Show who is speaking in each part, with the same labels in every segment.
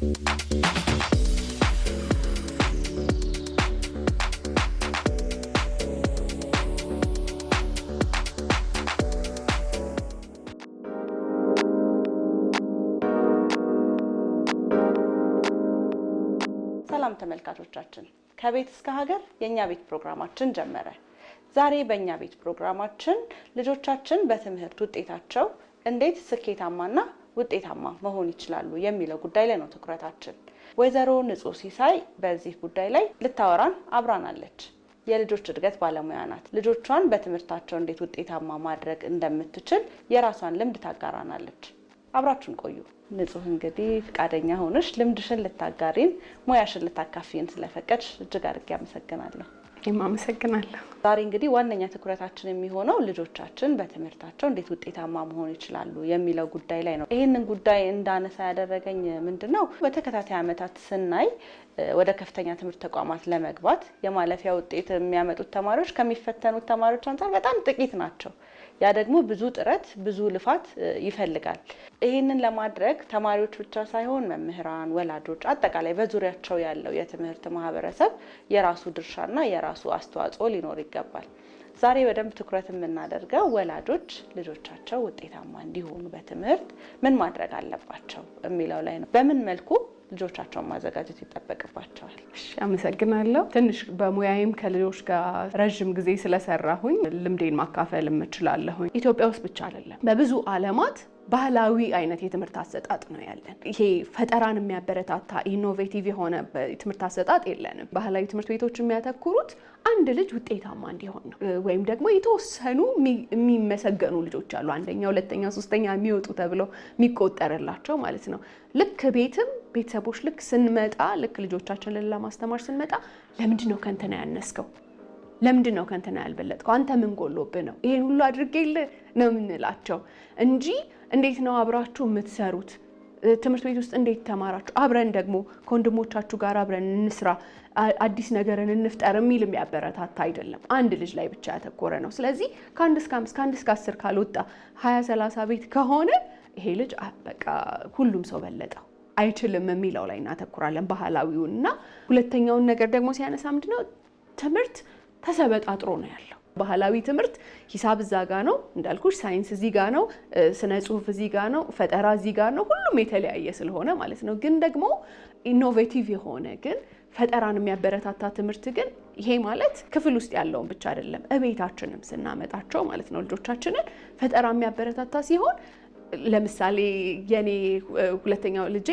Speaker 1: ሰላም ተመልካቾቻችን፣ ከቤት እስከ ሀገር የእኛ ቤት ፕሮግራማችን ጀመረ። ዛሬ በእኛ ቤት ፕሮግራማችን ልጆቻችን በትምህርት ውጤታቸው እንዴት ስኬታማና ውጤታማ መሆን ይችላሉ የሚለው ጉዳይ ላይ ነው ትኩረታችን። ወይዘሮ ንጹህ ሲሳይ በዚህ ጉዳይ ላይ ልታወራን አብራናለች። የልጆች እድገት ባለሙያ ናት። ልጆቿን በትምህርታቸው እንዴት ውጤታማ ማድረግ እንደምትችል የራሷን ልምድ ታጋራናለች። አብራችን ቆዩ። ንጹህ እንግዲህ ፍቃደኛ ሆነሽ ልምድሽን ልታጋሪን፣ ሙያሽን ልታካፊን ስለፈቀድሽ እጅግ አድርጌ አመሰግናለሁ። አመሰግናለሁ።
Speaker 2: ዛሬ እንግዲህ ዋነኛ ትኩረታችን የሚሆነው ልጆቻችን በትምህርታቸው እንዴት ውጤታማ መሆን ይችላሉ የሚለው ጉዳይ ላይ ነው። ይህንን ጉዳይ እንዳነሳ ያደረገኝ ምንድን ነው፣ በተከታታይ ዓመታት ስናይ ወደ ከፍተኛ ትምህርት ተቋማት ለመግባት የማለፊያ ውጤት የሚያመጡት ተማሪዎች ከሚፈተኑት ተማሪዎች አንጻር በጣም ጥቂት ናቸው። ያ ደግሞ ብዙ ጥረት ብዙ ልፋት ይፈልጋል። ይህንን ለማድረግ ተማሪዎች ብቻ ሳይሆን መምህራን፣ ወላጆች፣ አጠቃላይ በዙሪያቸው ያለው የትምህርት ማህበረሰብ የራሱ ድርሻና የራሱ አስተዋጽኦ ሊኖር ይገባል። ዛሬ በደንብ ትኩረት የምናደርገው ወላጆች ልጆቻቸው ውጤታማ እንዲሆኑ በትምህርት ምን ማድረግ አለባቸው የሚለው ላይ ነው። በምን መልኩ ልጆቻቸውን ማዘጋጀት ይጠበቅባቸዋል።
Speaker 1: አመሰግናለሁ። ትንሽ በሙያዬም ከልጆች ጋር ረዥም ጊዜ ስለሰራሁኝ ልምዴን ማካፈል የምችላለሁኝ። ኢትዮጵያ ውስጥ ብቻ አይደለም በብዙ ዓለማት ባህላዊ አይነት የትምህርት አሰጣጥ ነው ያለን። ይሄ ፈጠራን የሚያበረታታ ኢኖቬቲቭ የሆነ ትምህርት አሰጣጥ የለንም። ባህላዊ ትምህርት ቤቶች የሚያተኩሩት አንድ ልጅ ውጤታማ እንዲሆን ነው፣ ወይም ደግሞ የተወሰኑ የሚመሰገኑ ልጆች አሉ፣ አንደኛ፣ ሁለተኛ፣ ሶስተኛ የሚወጡ ተብለው የሚቆጠርላቸው ማለት ነው። ልክ ቤትም ቤተሰቦች ልክ ስንመጣ ልክ ልጆቻችንን ለማስተማር ስንመጣ ለምንድን ነው ከንትና ያነስከው ለምንድን ነው ከንትና ያልበለጥከው? አንተ ምን ጎሎብህ ነው? ይሄን ሁሉ አድርጌልህ ነው የምንላቸው እንጂ እንዴት ነው አብራችሁ የምትሰሩት? ትምህርት ቤት ውስጥ እንዴት ተማራችሁ? አብረን ደግሞ ከወንድሞቻችሁ ጋር አብረን እንስራ፣ አዲስ ነገርን እንፍጠር የሚል የሚያበረታታ አይደለም። አንድ ልጅ ላይ ብቻ ያተኮረ ነው። ስለዚህ ከአንድ እስከ አምስት ከአንድ እስከ አስር ካልወጣ ሀያ ሰላሳ ቤት ከሆነ ይሄ ልጅ በቃ ሁሉም ሰው በለጠው አይችልም የሚለው ላይ እናተኩራለን ባህላዊውን እና ሁለተኛውን ነገር ደግሞ ሲያነሳ ምንድነው ትምህርት ተሰበጣጥሮ ነው ያለው። ባህላዊ ትምህርት ሂሳብ እዛ ጋ ነው እንዳልኩሽ፣ ሳይንስ እዚህ ጋ ነው፣ ስነ ጽሁፍ እዚህ ጋ ነው፣ ፈጠራ እዚህ ጋ ነው። ሁሉም የተለያየ ስለሆነ ማለት ነው። ግን ደግሞ ኢኖቬቲቭ የሆነ ግን ፈጠራን የሚያበረታታ ትምህርት ግን ይሄ ማለት ክፍል ውስጥ ያለውን ብቻ አይደለም፣ እቤታችንም ስናመጣቸው ማለት ነው ልጆቻችንን ፈጠራ የሚያበረታታ ሲሆን ለምሳሌ የኔ ሁለተኛው ልጄ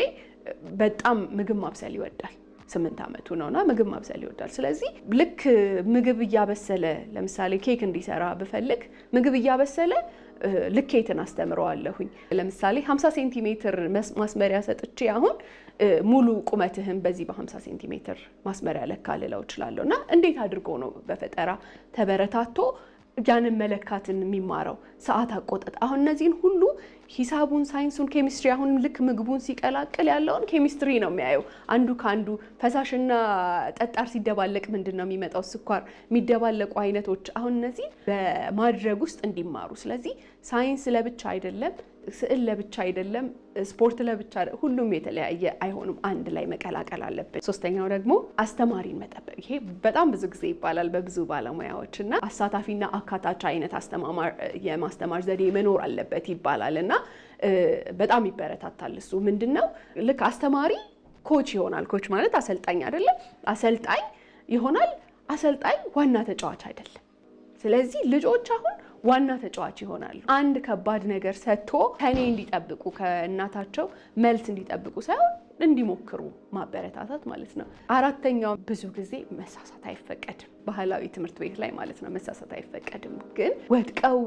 Speaker 1: በጣም ምግብ ማብሰል ይወዳል። ስምንት ዓመቱ ነውና ምግብ ማብሰል ይወዳል። ስለዚህ ልክ ምግብ እያበሰለ ለምሳሌ ኬክ እንዲሰራ ብፈልግ ምግብ እያበሰለ ልኬትን አስተምረዋለሁኝ። ለምሳሌ 50 ሴንቲሜትር ማስመሪያ ሰጥቼ አሁን ሙሉ ቁመትህን በዚህ በ50 ሴንቲሜትር ማስመሪያ ለካ ልለው እችላለሁ እና እንዴት አድርጎ ነው በፈጠራ ተበረታቶ ያንን መለካትን የሚማረው ሰዓት አቆጣጥ አሁን እነዚህን ሁሉ ሂሳቡን፣ ሳይንሱን፣ ኬሚስትሪ አሁን ልክ ምግቡን ሲቀላቅል ያለውን ኬሚስትሪ ነው የሚያየው። አንዱ ከአንዱ ፈሳሽና ጠጣር ሲደባለቅ ምንድን ነው የሚመጣው ስኳር፣ የሚደባለቁ አይነቶች አሁን እነዚህ በማድረግ ውስጥ እንዲማሩ። ስለዚህ ሳይንስ ለብቻ አይደለም፣ ስዕል ለብቻ አይደለም፣ ስፖርት ለብቻ ሁሉም የተለያየ አይሆንም። አንድ ላይ መቀላቀል አለብን። ሶስተኛው ደግሞ አስተማሪን መጠበቅ። ይሄ በጣም ብዙ ጊዜ ይባላል በብዙ ባለሙያዎች እና አሳታፊና አካታች አይነት የማስተማር ዘዴ መኖር አለበት ይባላል እና በጣም ይበረታታል። እሱ ምንድን ነው ልክ አስተማሪ ኮች ይሆናል። ኮች ማለት አሰልጣኝ አይደለም፣ አሰልጣኝ ይሆናል። አሰልጣኝ ዋና ተጫዋች አይደለም። ስለዚህ ልጆች አሁን ዋና ተጫዋች ይሆናሉ። አንድ ከባድ ነገር ሰጥቶ ከኔ እንዲጠብቁ ከእናታቸው መልስ እንዲጠብቁ ሳይሆን እንዲሞክሩ ማበረታታት ማለት ነው። አራተኛው ብዙ ጊዜ መሳሳት አይፈቀድም። ባህላዊ ትምህርት ቤት ላይ ማለት ነው መሳሳት አይፈቀድም። ግን ወድቀው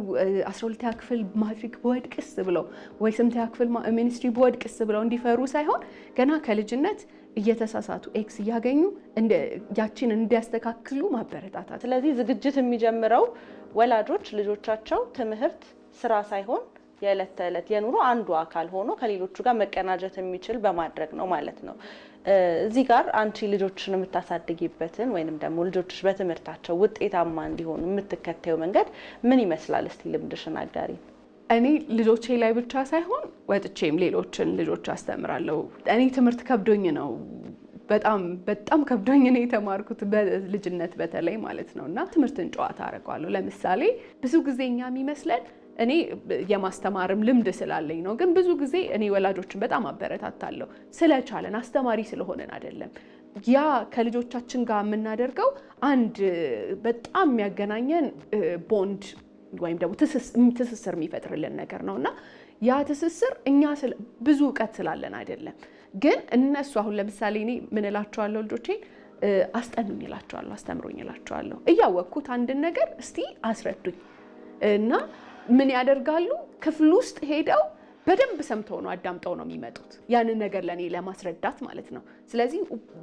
Speaker 1: አስራ ሁለተኛ ክፍል ማትሪክ በወድቅስ ብለው ወይ ስምንተኛ ክፍል ሚኒስትሪ በወድቅስ ብለው እንዲፈሩ ሳይሆን ገና ከልጅነት እየተሳሳቱ ኤክስ እያገኙ ያችን እንዲያስተካክሉ ማበረታታት። ስለዚህ ዝግጅት የሚጀምረው ወላጆች ልጆቻቸው ትምህርት ስራ ሳይሆን የዕለት ተዕለት የኑሮ አንዱ አካል ሆኖ ከሌሎቹ ጋር መቀናጀት የሚችል በማድረግ ነው ማለት ነው። እዚህ ጋር አንቺ ልጆችን የምታሳድጊበትን ወይንም ደግሞ ልጆች በትምህርታቸው ውጤታማ እንዲሆኑ የምትከተዩ መንገድ ምን ይመስላል? እስቲ ልምድሽን አጋሪ። እኔ ልጆቼ ላይ ብቻ ሳይሆን ወጥቼም ሌሎችን ልጆች አስተምራለሁ። እኔ ትምህርት ከብዶኝ ነው በጣም በጣም ከብዶኝ ነው የተማርኩት በልጅነት በተለይ ማለት ነው። እና ትምህርትን ጨዋታ አደርገዋለሁ። ለምሳሌ ብዙ ጊዜ እኛ የሚመስለን እኔ የማስተማርም ልምድ ስላለኝ ነው። ግን ብዙ ጊዜ እኔ ወላጆችን በጣም አበረታታለሁ። ስለቻለን አስተማሪ ስለሆነን አይደለም ያ ከልጆቻችን ጋር የምናደርገው አንድ በጣም የሚያገናኘን ቦንድ ወይም ደግሞ ትስስር የሚፈጥርልን ነገር ነው እና ያ ትስስር እኛ ብዙ እውቀት ስላለን አይደለም ግን እነሱ አሁን ለምሳሌ እኔ ምን እላቸዋለሁ ልጆቼን አስጠኑኝ እላቸዋለሁ፣ አስተምሮኝ እላቸዋለሁ። እያወቅኩት አንድን ነገር እስቲ አስረዱኝ እና ምን ያደርጋሉ ክፍል ውስጥ ሄደው በደንብ ሰምተው ነው አዳምጠው ነው የሚመጡት፣ ያንን ነገር ለእኔ ለማስረዳት ማለት ነው። ስለዚህ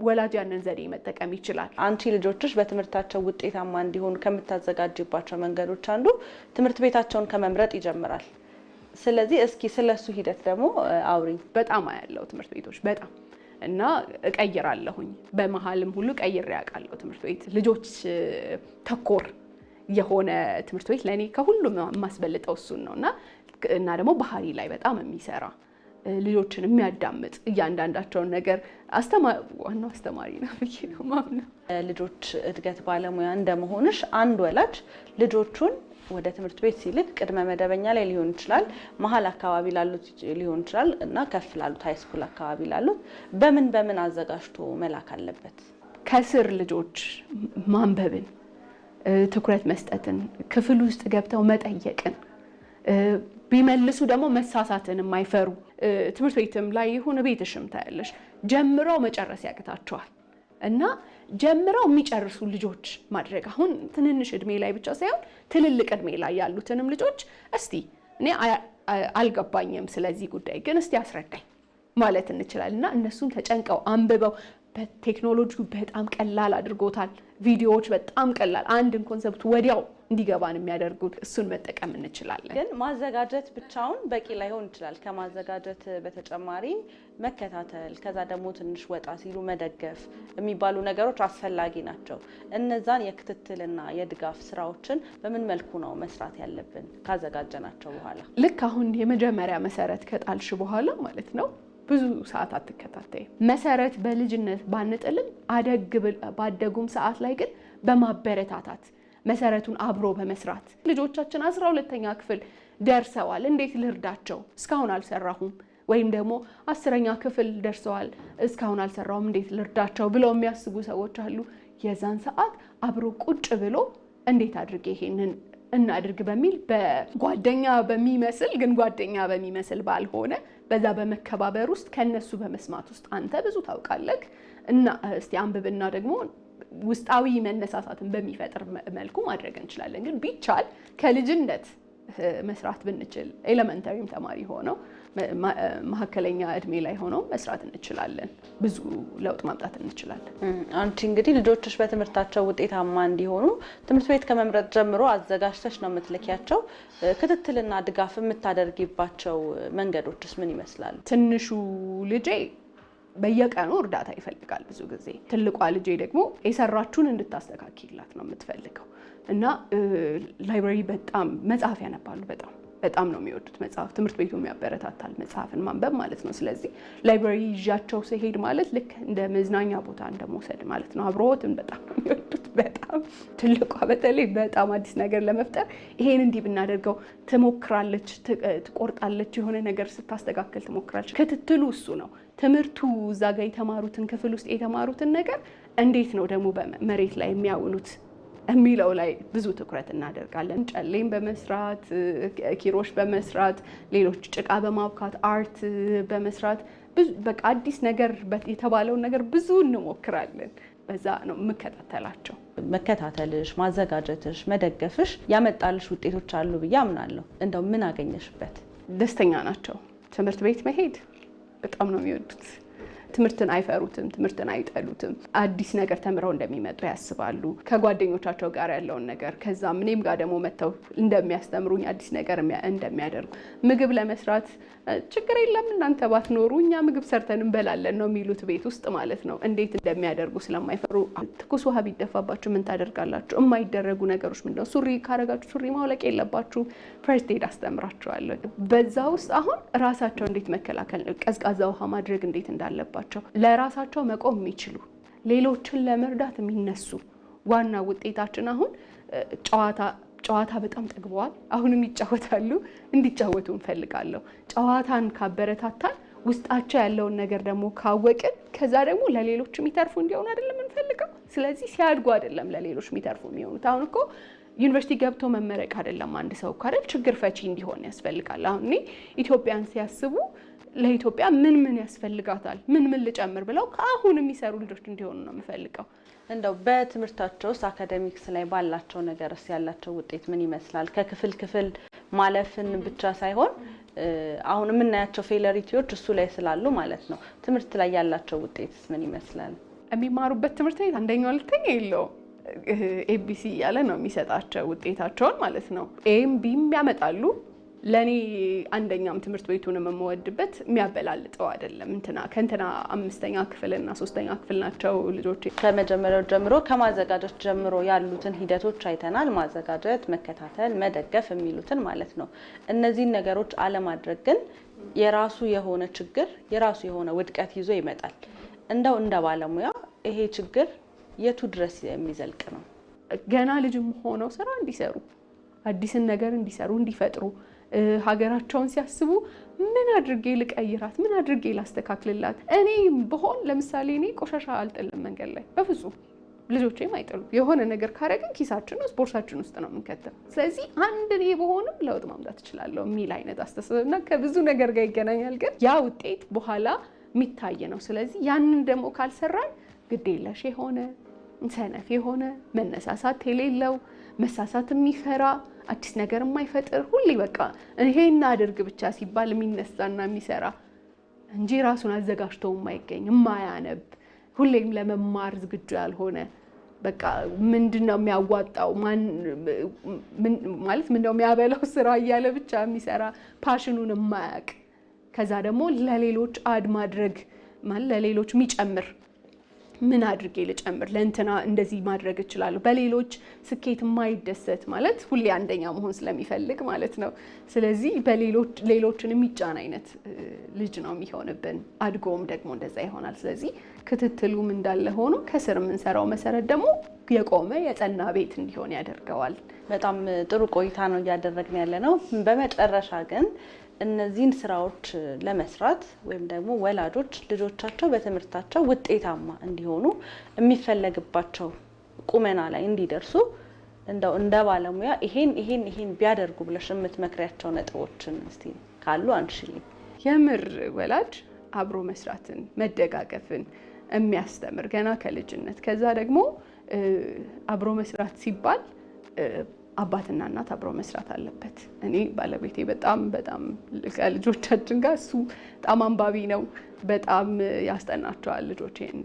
Speaker 1: ወላጅ ያንን ዘዴ መጠቀም ይችላል። አንቺ ልጆችሽ በትምህርታቸው ውጤታማ እንዲሆኑ ከምታዘጋጅባቸው መንገዶች አንዱ ትምህርት ቤታቸውን ከመምረጥ ይጀምራል። ስለዚህ እስኪ ስለሱ ሂደት ደግሞ አውሪኝ። በጣም አያለው ትምህርት ቤቶች በጣም እና እቀይራለሁኝ። በመሀልም ሁሉ ቀይሬ አውቃለሁ። ትምህርት ቤት ልጆች ተኮር የሆነ ትምህርት ቤት ለእኔ ከሁሉም የማስበልጠው እሱን ነው እና እና ደግሞ ባህሪ ላይ በጣም የሚሰራ ልጆችን የሚያዳምጥ እያንዳንዳቸውን ነገር ዋናው አስተማሪ ነው ብዬ ነው ልጆች እድገት ባለሙያ እንደመሆንሽ አንድ ወላጅ ልጆቹን ወደ ትምህርት ቤት ሲልክ ቅድመ መደበኛ ላይ ሊሆን ይችላል፣ መሀል አካባቢ ላሉት ሊሆን ይችላል እና ከፍ ላሉት ሃይስኩል አካባቢ ላሉት በምን በምን አዘጋጅቶ መላክ አለበት? ከስር ልጆች ማንበብን፣ ትኩረት መስጠትን፣ ክፍል ውስጥ ገብተው መጠየቅን ቢመልሱ ደግሞ መሳሳትን የማይፈሩ ትምህርት ቤትም ላይ ይሁን ቤትሽም ታያለሽ ጀምረው መጨረስ ያቅታቸዋል እና ጀምረው የሚጨርሱ ልጆች ማድረግ አሁን ትንንሽ እድሜ ላይ ብቻ ሳይሆን ትልልቅ እድሜ ላይ ያሉትንም ልጆች እስቲ እኔ አልገባኝም ስለዚህ ጉዳይ ግን እስቲ አስረዳኝ ማለት እንችላለን እና እነሱም ተጨንቀው አንብበው ቴክኖሎጂው በጣም ቀላል አድርጎታል። ቪዲዮዎች በጣም ቀላል አንድን ኮንሰፕት ወዲያው እንዲገባን የሚያደርጉት እሱን መጠቀም እንችላለን። ግን ማዘጋጀት ብቻውን በቂ ላይሆን ይችላል። ከማዘጋጀት በተጨማሪ መከታተል፣ ከዛ ደግሞ ትንሽ ወጣ ሲሉ መደገፍ የሚባሉ ነገሮች አስፈላጊ ናቸው። እነዛን የክትትልና የድጋፍ ስራዎችን በምን መልኩ ነው መስራት ያለብን? ካዘጋጀናቸው በኋላ ልክ አሁን የመጀመሪያ መሰረት ከጣልሽ በኋላ ማለት ነው ብዙ ሰዓት አትከታተይ። መሰረት በልጅነት ባንጥልም አደግ ባደጉም ሰዓት ላይ ግን በማበረታታት መሰረቱን አብሮ በመስራት ልጆቻችን አስራ ሁለተኛ ክፍል ደርሰዋል፣ እንዴት ልርዳቸው? እስካሁን አልሰራሁም ወይም ደግሞ አስረኛ ክፍል ደርሰዋል፣ እስካሁን አልሰራሁም፣ እንዴት ልርዳቸው ብለው የሚያስቡ ሰዎች አሉ። የዛን ሰዓት አብሮ ቁጭ ብሎ እንዴት አድርጌ ይሄንን እናድርግ በሚል በጓደኛ በሚመስል ግን ጓደኛ በሚመስል ባልሆነ በዛ በመከባበር ውስጥ ከነሱ በመስማት ውስጥ አንተ ብዙ ታውቃለህ እና እስቲ አንብብና ደግሞ ውስጣዊ መነሳሳትን በሚፈጥር መልኩ ማድረግ እንችላለን። ግን ቢቻል ከልጅነት መስራት ብንችል ኤሌመንተሪም ተማሪ ሆነው መካከለኛ እድሜ ላይ ሆነው መስራት እንችላለን። ብዙ ለውጥ ማምጣት እንችላለን። አንቺ እንግዲህ ልጆችሽ በትምህርታቸው ውጤታማ እንዲሆኑ ትምህርት ቤት ከመምረጥ ጀምሮ አዘጋጅተሽ ነው የምትልኪያቸው። ክትትልና ድጋፍ የምታደርጊባቸው መንገዶችስ ምን ይመስላል ትንሹ ልጄ በየቀኑ እርዳታ ይፈልጋል ብዙ ጊዜ። ትልቋ ልጄ ደግሞ የሰራችሁን እንድታስተካክላት ነው የምትፈልገው እና ላይብራሪ በጣም መጽሐፍ ያነባሉ በጣም በጣም ነው የሚወዱት መጽሐፍ። ትምህርት ቤቱ የሚያበረታታል መጽሐፍን ማንበብ ማለት ነው። ስለዚህ ላይብራሪ ይዣቸው ሲሄድ ማለት ልክ እንደ መዝናኛ ቦታ እንደመውሰድ ማለት ነው። አብረወትን በጣም ነው የሚወዱት። በጣም ትልቋ በተለይ በጣም አዲስ ነገር ለመፍጠር ይሄን እንዲህ ብናደርገው ትሞክራለች፣ ትቆርጣለች፣ የሆነ ነገር ስታስተካከል ትሞክራለች። ክትትሉ እሱ ነው። ትምህርቱ እዛ ጋር የተማሩትን ክፍል ውስጥ የተማሩትን ነገር እንዴት ነው ደግሞ መሬት ላይ የሚያውሉት የሚለው ላይ ብዙ ትኩረት እናደርጋለን። ጨሌም በመስራት ኪሮሽ በመስራት ሌሎች ጭቃ በማብካት አርት በመስራት በቃ አዲስ ነገር የተባለውን ነገር ብዙ እንሞክራለን። በዛ ነው የምከታተላቸው። መከታተልሽ፣ ማዘጋጀትሽ፣ መደገፍሽ ያመጣልሽ ውጤቶች አሉ ብዬ አምናለሁ። እንደው ምን አገኘሽበት? ደስተኛ ናቸው። ትምህርት ቤት መሄድ በጣም ነው የሚወዱት። ትምህርትን አይፈሩትም፣ ትምህርትን አይጠሉትም። አዲስ ነገር ተምረው እንደሚመጡ ያስባሉ። ከጓደኞቻቸው ጋር ያለውን ነገር ከዛም እኔም ጋር ደግሞ መጥተው እንደሚያስተምሩኝ አዲስ ነገር እንደሚያደርጉ ምግብ ለመስራት ችግር የለም እናንተ ባትኖሩ እኛ ምግብ ሰርተን እንበላለን ነው የሚሉት ቤት ውስጥ ማለት ነው። እንዴት እንደሚያደርጉ ስለማይፈሩ ትኩስ ውሃ ቢደፋባችሁ ምን ታደርጋላችሁ? የማይደረጉ ነገሮች ምንድን ነው? ሱሪ ካረጋችሁ ሱሪ ማውለቅ የለባችሁ። ፈርስት ኤድ አስተምራችኋለሁ። በዛ ውስጥ አሁን ራሳቸው እንዴት መከላከል፣ ቀዝቃዛ ውሃ ማድረግ እንዴት እንዳለባቸው፣ ለራሳቸው መቆም የሚችሉ ሌሎችን ለመርዳት የሚነሱ ዋና ውጤታችን አሁን ጨዋታ ጨዋታ በጣም ጠግበዋል። አሁንም ይጫወታሉ፣ እንዲጫወቱ እንፈልጋለሁ። ጨዋታን ካበረታታን ውስጣቸው ያለውን ነገር ደግሞ ካወቅን ከዛ ደግሞ ለሌሎች የሚተርፉ እንዲሆኑ አይደለም እንፈልገው። ስለዚህ ሲያድጉ አይደለም ለሌሎች የሚተርፉ የሚሆኑት። አሁን እኮ ዩኒቨርሲቲ ገብቶ መመረቅ አይደለም አንድ ሰው እኮ አይደል ችግር ፈቺ እንዲሆን ያስፈልጋል። አሁን እኔ ኢትዮጵያን ሲያስቡ ለኢትዮጵያ ምን ምን ያስፈልጋታል፣ ምን ምን ልጨምር ብለው ከአሁን የሚሰሩ ልጆች እንዲሆኑ ነው የምፈልገው። እንደው በትምህርታቸው ውስጥ አካደሚክስ ላይ ባላቸው ነገርስ ያላቸው ውጤት ምን ይመስላል? ከክፍል ክፍል ማለፍን ብቻ ሳይሆን አሁን የምናያቸው ፌለሪቲዎች እሱ ላይ ስላሉ ማለት ነው። ትምህርት ላይ ያላቸው ውጤትስ ምን ይመስላል? የሚማሩበት ትምህርት ቤት አንደኛው ሁለተኛ የለውም ኤቢሲ እያለ ነው የሚሰጣቸው ውጤታቸውን ማለት ነው። ኤም ቢም ያመጣሉ ለእኔ አንደኛም ትምህርት ቤቱን የምወድበት የሚያበላልጠው አይደለም። እንትና ከእንትና አምስተኛ ክፍልና ሶስተኛ ክፍል ናቸው ልጆች። ከመጀመሪያው ጀምሮ ከማዘጋጀት ጀምሮ ያሉትን ሂደቶች አይተናል። ማዘጋጀት፣ መከታተል፣ መደገፍ የሚሉትን ማለት ነው። እነዚህን ነገሮች አለማድረግ ግን የራሱ የሆነ ችግር የራሱ የሆነ ውድቀት ይዞ ይመጣል። እንደው እንደ ባለሙያ ይሄ ችግር የቱ ድረስ የሚዘልቅ ነው? ገና ልጅም ሆነው ስራ እንዲሰሩ አዲስን ነገር እንዲሰሩ እንዲፈጥሩ ሀገራቸውን ሲያስቡ ምን አድርጌ ልቀይራት፣ ምን አድርጌ ላስተካክልላት፣ እኔ ብሆን ለምሳሌ እኔ ቆሻሻ አልጥልም መንገድ ላይ በፍጹም ልጆቼም አይጥሉ። የሆነ ነገር ካረግን ኪሳችን ውስጥ ቦርሳችን ውስጥ ነው የምንከተው። ስለዚህ አንድ እኔ በሆንም ለውጥ ማምጣት እችላለሁ የሚል አይነት አስተሳሰብ እና ከብዙ ነገር ጋር ይገናኛል። ግን ያ ውጤት በኋላ የሚታይ ነው። ስለዚህ ያንን ደግሞ ካልሰራን ግዴለሽ የሆነ ሰነፍ የሆነ መነሳሳት የሌለው መሳሳት የሚፈራ አዲስ ነገር የማይፈጥር ሁሌ በቃ ይሄ አድርግ ብቻ ሲባል የሚነሳና የሚሰራ እንጂ ራሱን አዘጋጅቶ የማይገኝ የማያነብ ሁሌም ለመማር ዝግጁ ያልሆነ በቃ ምንድን ነው የሚያዋጣው ማለት ምንድነው የሚያበላው ስራ እያለ ብቻ የሚሰራ ፓሽኑን የማያቅ ከዛ ደግሞ ለሌሎች አድ ማድረግ ለሌሎች የሚጨምር ምን አድርጌ ልጨምር፣ ለእንትና እንደዚህ ማድረግ እችላለሁ። በሌሎች ስኬት የማይደሰት ማለት ሁሌ አንደኛ መሆን ስለሚፈልግ ማለት ነው። ስለዚህ በሌሎች ሌሎችን የሚጫን አይነት ልጅ ነው የሚሆንብን። አድጎም ደግሞ እንደዛ ይሆናል። ስለዚህ ክትትሉም እንዳለ ሆኖ ከስር የምንሰራው መሰረት ደግሞ የቆመ የጸና ቤት እንዲሆን ያደርገዋል። በጣም ጥሩ ቆይታ ነው እያደረግን ያለ ነው። በመጨረሻ ግን እነዚህን ስራዎች ለመስራት ወይም ደግሞ ወላጆች ልጆቻቸው በትምህርታቸው ውጤታማ እንዲሆኑ የሚፈለግባቸው ቁመና ላይ እንዲደርሱ እንደው እንደ ባለሙያ ይሄን ይሄን ይሄን ቢያደርጉ ብለሽ የምትመክሪያቸው ነጥቦችን እስቲ ካሉ አንሽልኝ። የምር ወላጅ አብሮ መስራትን መደጋገፍን የሚያስተምር ገና ከልጅነት ከዛ ደግሞ አብሮ መስራት ሲባል አባትና እናት አብሮ መስራት አለበት። እኔ ባለቤቴ በጣም በጣም ከልጆቻችን ጋር እሱ በጣም አንባቢ ነው። በጣም ያስጠናቸዋል ልጆቼን፣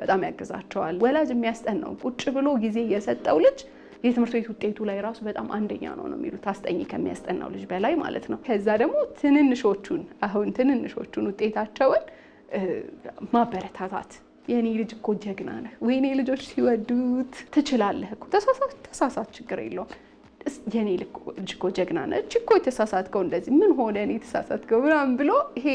Speaker 1: በጣም ያግዛቸዋል። ወላጅ የሚያስጠናው ቁጭ ብሎ ጊዜ የሰጠው ልጅ የትምህርት ቤት ውጤቱ ላይ ራሱ በጣም አንደኛ ነው ነው የሚሉት አስጠኝ ከሚያስጠናው ልጅ በላይ ማለት ነው። ከዛ ደግሞ ትንንሾቹን አሁን ትንንሾቹን ውጤታቸውን ማበረታታት የእኔ ልጅ እኮ ጀግና ነህ፣ ወይኔ ልጆች ሲወዱት ትችላለህ እኮ ተሳሳት፣ ተሳሳት፣ ችግር የለውም የኔ ልጅ እኮ ጀግና ነ እኮ የተሳሳትከው እንደዚህ ምን ሆነ እኔ የተሳሳትከው ምናምን ብሎ ይሄ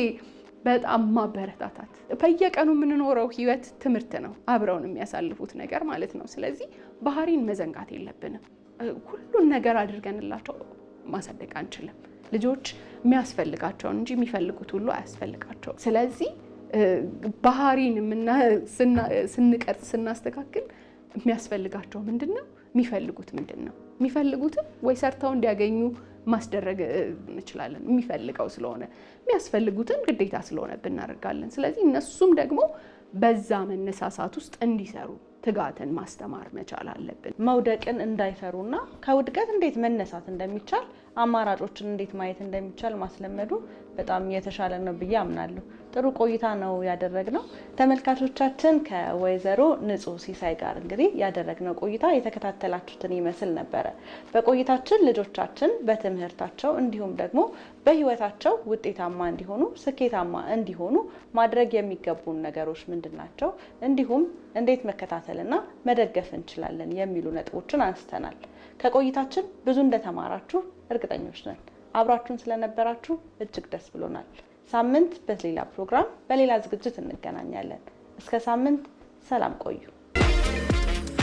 Speaker 1: በጣም ማበረታታት። በየቀኑ የምንኖረው ህይወት ትምህርት ነው፣ አብረውን የሚያሳልፉት ነገር ማለት ነው። ስለዚህ ባህሪን መዘንጋት የለብንም። ሁሉን ነገር አድርገንላቸው ማሳደግ አንችልም። ልጆች የሚያስፈልጋቸውን እንጂ የሚፈልጉት ሁሉ አያስፈልጋቸውም። ስለዚህ ባህሪን ስንቀርጽ ስናስተካክል የሚያስፈልጋቸው ምንድን ነው? የሚፈልጉት ምንድን ነው? የሚፈልጉትም ወይ ሰርተው እንዲያገኙ ማስደረግ እንችላለን። የሚፈልገው ስለሆነ የሚያስፈልጉትን ግዴታ ስለሆነ ብናደርጋለን። ስለዚህ እነሱም ደግሞ በዛ መነሳሳት ውስጥ እንዲሰሩ ትጋትን ማስተማር መቻል አለብን። መውደቅን እንዳይፈሩና ከውድቀት እንዴት መነሳት እንደሚቻል አማራጮችን እንዴት ማየት እንደሚቻል ማስለመዱ በጣም የተሻለ ነው ብዬ አምናለሁ። ጥሩ ቆይታ ነው ያደረግነው። ተመልካቾቻችን ከወይዘሮ ንጹህ ሲሳይ ጋር እንግዲህ ያደረግነው ቆይታ የተከታተላችሁትን ይመስል ነበረ። በቆይታችን ልጆቻችን በትምህርታቸው እንዲሁም ደግሞ በሕይወታቸው ውጤታማ እንዲሆኑ ስኬታማ እንዲሆኑ ማድረግ የሚገቡን ነገሮች ምንድን ናቸው፣ እንዲሁም እንዴት መከታተልና መደገፍ እንችላለን የሚሉ ነጥቦችን አንስተናል። ከቆይታችን ብዙ እንደተማራችሁ እርግጠኞች ነን። አብራችሁን ስለነበራችሁ እጅግ ደስ ብሎናል። ሳምንት በሌላ ፕሮግራም በሌላ ዝግጅት እንገናኛለን። እስከ ሳምንት ሰላም ቆዩ።